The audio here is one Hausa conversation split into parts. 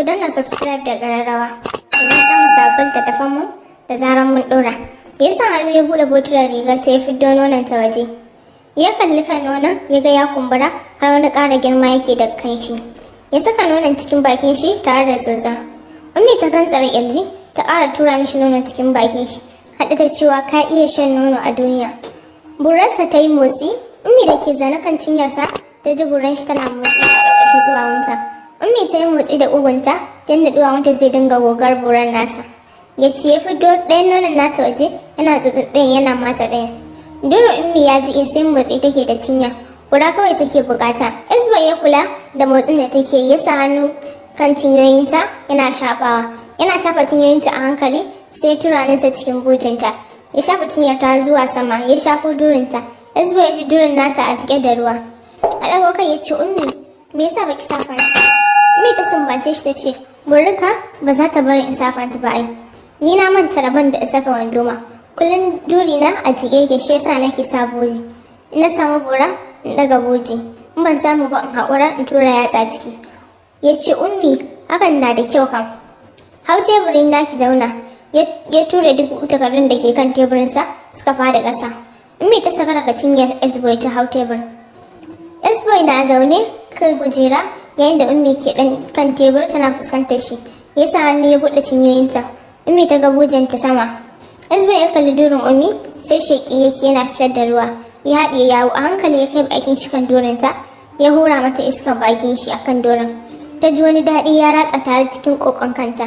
ku danna subscribe da ƙararrawa domin samun ta famu da zarar mun ɗora. Ya sa hannu ya bude botular rigar ta ya fiddo nonon ta waje. Ya kalli kan nonon ya ga ya kumbura har wani ƙara girma yake da kan shi. Ya saka nonon cikin bakin shi tare da soza Ummi ta kan tsare ƙirji ta ƙara tura mishi nonon cikin bakin shi. hada ta cewa ka iya shan nono a duniya. Burarsa ta yi motsi, Ummi da ke zane kan cinyarsa ta ji buran shi tana motsi a ƙarƙashin Ummi ta yi motsi da ugunta don da duwa wanta zai dinga gogar buran nasa. Ya ce ya fi ɗayan nonon nata waje yana tsotsi ɗayan yana mata ɗaya. Doro Ummi ya ji in sai motsi take da cinya. Kura kawai take bukata. Isba ya kula da motsin da take ya sa hannu kan cinyoyinta yana shafawa. Yana shafa cinyoyinta a hankali sai nasa cikin bujinta. Ya shafa ta zuwa sama ya shafo durinta. Isba ya ji durin nata a jike da ruwa. A ɗago kai ya ce Ummi me yasa baki safa shi? Mai ta sumbace shi ta ce, Burika ba za ta bari in safa ta ba ai. Ni na manta rabon da in saka wando ma. Kullum duri na a jike yake shi yasa nake sa boji. In na samu bora in daga boji. In ban samu ba in haƙura in tura yatsa ciki. Ya ce ummi hakan na da kyau kam. Hau teburin na ki zauna. Ya tura duk takardun da ke kan teburin sa suka fada ƙasa. mai ta saka daga cinyar s ta hau tebur. s na zaune kai kujera yayin da ummi ke ɗan kan tebur tana fuskantar shi ya sa hannu ya buɗe cinyoyinta ummi ta ga bujanta sama hasbe ya kalli durin ummi sai sheƙi yake yana fitar da ruwa ya haɗe yawo a hankali ya kai bakin shi kan durinta. ya hura mata iskar bakin shi akan durin. ta ji wani daɗi ya ratsa tare cikin ƙoƙon kanta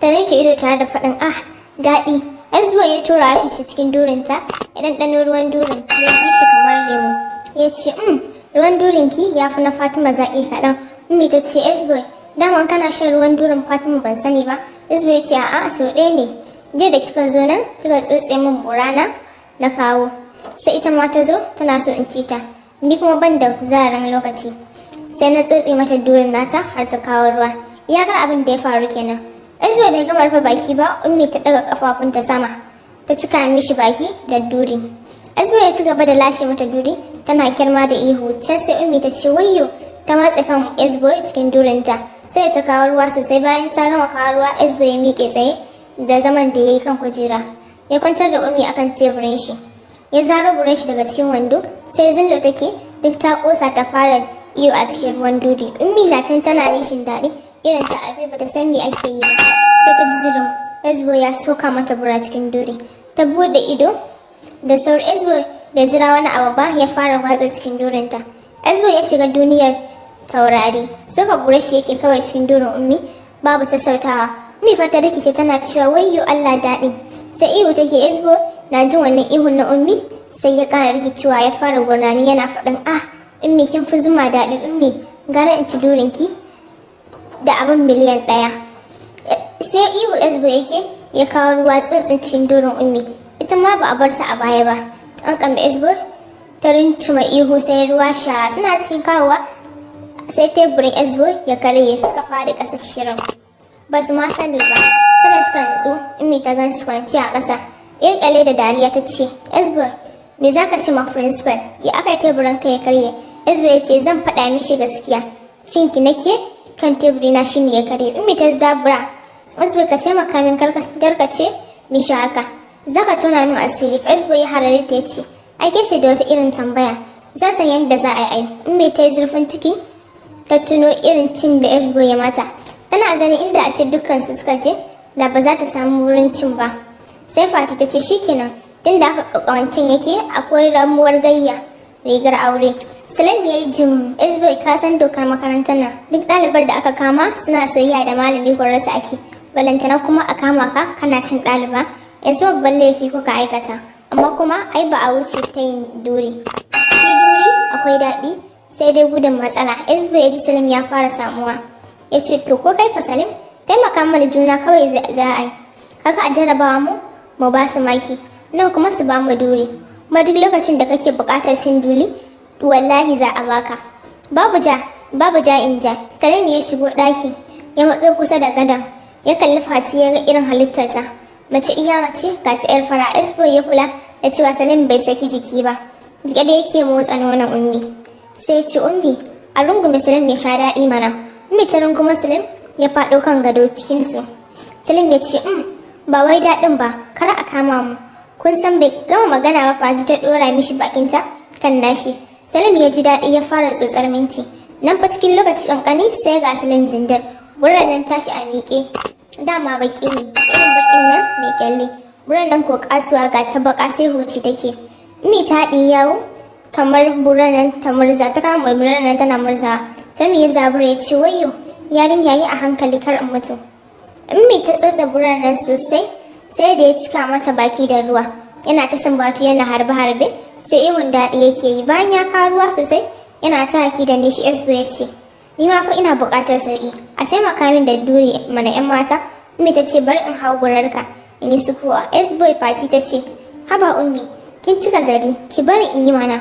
ta rinke ido tare da faɗin ah daɗi hasbe ya tura harshen shi cikin durinta. ya ɗanɗano ruwan durin. ya ji shi kamar lemu ya ce um ruwan durinki ya fi na fatima zaƙi kaɗan Ummi ta ce Esboy, daman kana shan ruwan durin Fatima ban sani ba. Esboy ya ce a'a sau ɗaya ne. Je da kika zo nan kika tsotse min burana na kawo. Sai ita ma ta zo tana so in ci ta. Ni kuma ban da kuzarin lokaci. Sai na tsotse mata durin nata har ta kawo ruwa. Iyakar abin da ya faru kenan. Esboy bai gama rufe baki ba, Ummi ta ɗaga kafafunta sama. Ta cika mishi baki da duri. Esboy ya ci gaba da lashe mata duri tana kirma da ihu. Can sai Ummi ta ce wayyo ta matse kan esboy cikin durinta sai ta kawo ruwa sosai bayan ta gama kawo ruwa esbo ya miƙe tsaye da zaman da ya yi kan kujera ya kwantar da umi akan teburin shi ya zaro burin shi daga cikin wando sai zillo take duk ta kosa ta fara iyo a cikin ruwan duri ummi na can tana nishin daɗi irin ta arfe bata san me ake yi ba. sai ta zirin esbo ya soka mata bura cikin duri ta bude ido da sauri esbo da jira wani abu ba ya fara watsa cikin durinta esbo ya shiga duniyar taurari suka gure shi yake kawai cikin durin ummi babu sassautawa ummi fata da ce tana cewa wayyo Allah daɗi sai ihu take esbo na jin wannan ihun na ummi sai ya ƙara rikicewa ya fara gurnani yana faɗin ah ummi kin fi zuma daɗi ummi gara in ci durin da abin miliyan ɗaya e, sai ihu esbo yake ya kawo ruwa tsuntsun cikin durin ummi ita ma ba a bar sa a baya ba an kama esbo ta rincima ihu sai ruwa sha suna cikin kawowa sai teburin esbo ya karye suka faɗi ƙasar shirin ba su ma sani ba sai da suka nutsu imi ta gan su kwanci a ƙasa ƙirƙale da dariya ta ce esbo me za ka ci ma principal ya aka yi teburin ka ya karye esbo ya ce zan faɗa mishi gaskiya shin ki nake kan teburi na shine ya karye imi ta zabura esbo ka taimaka min garkace mishi haka za ka tona min asiri esbo ya harare ta ce ake ce da wata irin tambaya zan san yadda za a yi ai in me ta yi zurfin cikin ta tuno irin cin da esbo ya mata tana ganin inda a ce dukkansu suka je da ba za ta samu wurin cin ba sai fati ta ce kenan. tun da aka kakkawancin yake akwai ramuwar gayya rigar aure salim ya yi jim esbo ka san dokar makarantar nan duk ɗalibar da aka kama suna soyayya da malami rasa ake balantana kuma a kama ka kana cin ɗaliba yanzu babban laifi kuka aikata amma kuma ai ba a wuce ta yin duri shi duri akwai daɗi sai dai gudun matsala hizbu salim ya fara samuwa ya ce to ko kai Fasalin? salim taimaka mana juna kawai za a yi kaka a jarabawa mu mu ba su maki nan kuma su ba mu duri kuma duk lokacin da kake buƙatar shin duli wallahi za a baka babu ja babu ja in ja karim ya shigo ɗaki ya matso kusa da gadon ya kalli fati ya ga irin halittarta mace iya mace ga ta yar fara esbo ya kula da cewa salim bai saki jiki ba gida yake motsa nonon ummi sai ce ummi a rungu salim ya sha daɗi mana ummi ta rungu salim ya faɗo kan gado cikinsu. su salim ya ce um ba wai daɗin ba kar a kama mu kun san bai gama magana ba faji ta ɗora mishi bakinta kan nashi salim ya ji daɗi ya fara tsotsar minti nan fa cikin lokaci kankani sai ga salim zindar nan tashi a miƙe dama baƙi ne irin baƙin nan mai kyalle nan ko katuwa ga ta baka sai huci take mi ta haɗi yawo kamar buranan ta murza ta kama tana murza ta ya zabura ya ce wayo yarin yayi a hankali kar in mutu ummi ta tsotsa buranan sosai sai da ya cika mata baki da ruwa yana ta batu yana harbe harbe sai iwon daɗi yake yi bayan ya kawo ruwa sosai yana ta haki da nishi esbo ya ce ni ma fa ina buƙatar sauƙi a taimaka min da dure mana yan mata ummi ta ce bar in hau gurarka in yi sukuwa boy fati ta ce haba ummi kin cika zari ki bari in yi mana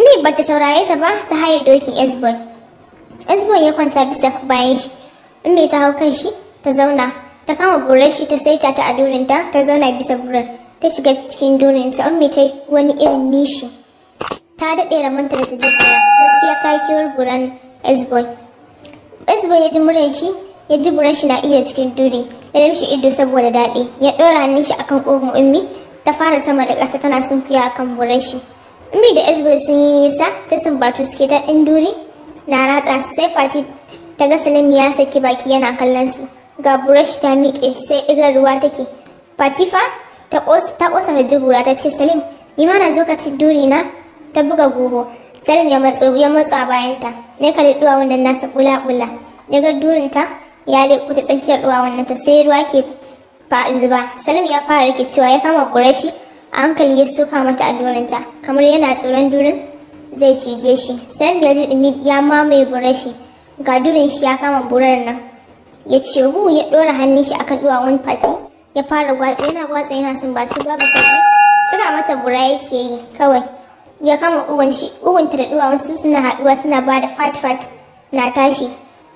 Ni ba ta saurare ta ba ta haye dokin Esbon. Esbon ya kwanta bisa bayan shi. Ummi ta hau kan shi ta zauna. Ta kama burar shi ta saita ta a durinta ta zauna bisa burar. Ta shiga cikin durinta Ummi ta wani irin nishi. Ta daɗe ramanta da ta jefa gaskiya ta yi kewar buran Esbon. Esbon ya ji shi ya ji buran shi na iya cikin duri ya shi ido saboda daɗi ya ɗora hannun shi akan ƙogon ummi ta fara sama da ƙasa tana sunkuya akan buran shi. Ummi da Ezbo sun yi nisa ta sun batu suke ta ɗan duri na ratsa su sai Fati ta ga Salim ya saki baki yana kallon su. Ga burashi ta miƙe sai igar ruwa take. Fatifa ta ƙosa da jigura ta ce Salim ni ma na zo ka ci duri na ta buga goho. Salim ya matso ya matso a bayanta. Ne ka da duwa wannan nasa bula-bula. Ya ga durinta ya leƙo ta tsakiyar duwa wannan ta sai ruwa ke fa zuba. Salim ya fara rikicewa ya kama burashi. a hankali ya soka mata a dorinta kamar yana tsoron durin zai cije shi san da dumi ya mamaye burashi. shi ga durin shi ya kama burar nan ya ce hu ya dora hannun shi akan wani fati ya fara gwatsa yana gwatsa yana sumbatu babu sauki Suka mata bura yake yi kawai ya kama ugun shi ugun ta da duwawun su suna haduwa suna ba da fat fat na tashi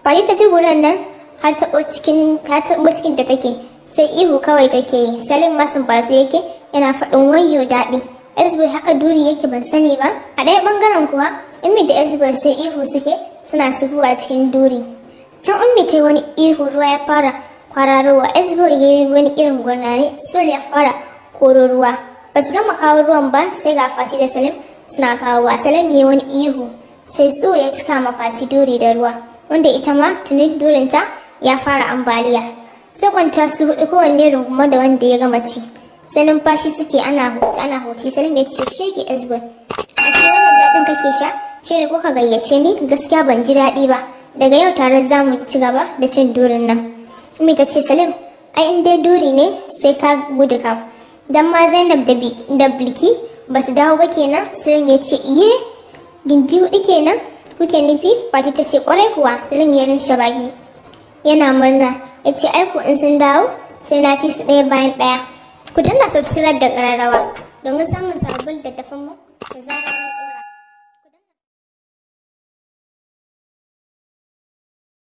fari ta ji burar nan har taɓo cikin ta taɓo cikin ta take sai ihu kawai take yi salim masun bazu yake yana faɗin wayo daɗi Esbe haka duri yake ban sani ba a ɗaya ɓangaren kuwa Ummi da Esbe sai ihu suke suna sufuwa cikin duri can Ummi ta wani ihu ruwa ya fara kwararowa Esbe ya yi wani irin gurnani Sul ya fara koro ruwa ba su gama kawo ruwan ba sai ga Fati da Salim suna kawo wa Salim ya wani ihu sai su ya cika ma Fati duri da ruwa wanda ita ma tuni durinta ya fara ambaliya sai kwanta su hudu kowanne runguma da wanda ya gama ci. sai numfashi suke ana hoti ana hoti salim ya ce shege ezbo a ce wannan daɗin kake sha shi kuka gayyace ni gaskiya ban ji daɗi ba daga yau tare za mu ci gaba da cin durin nan umi ta ce salim ai in dai duri ne sai ka gudu ka dan ma zainab da bilki ba su dawo ba kenan salim ya ce iye gindi hudu kenan kuke nufi fati ta ce ƙwarai kuwa salim ya rushe baki yana murna ya ce aiku in sun dawo sai na ci su ɗaya bayan ɗaya ku danna subscribe da ƙararrawa domin samun sabbin littattafan mu da zarar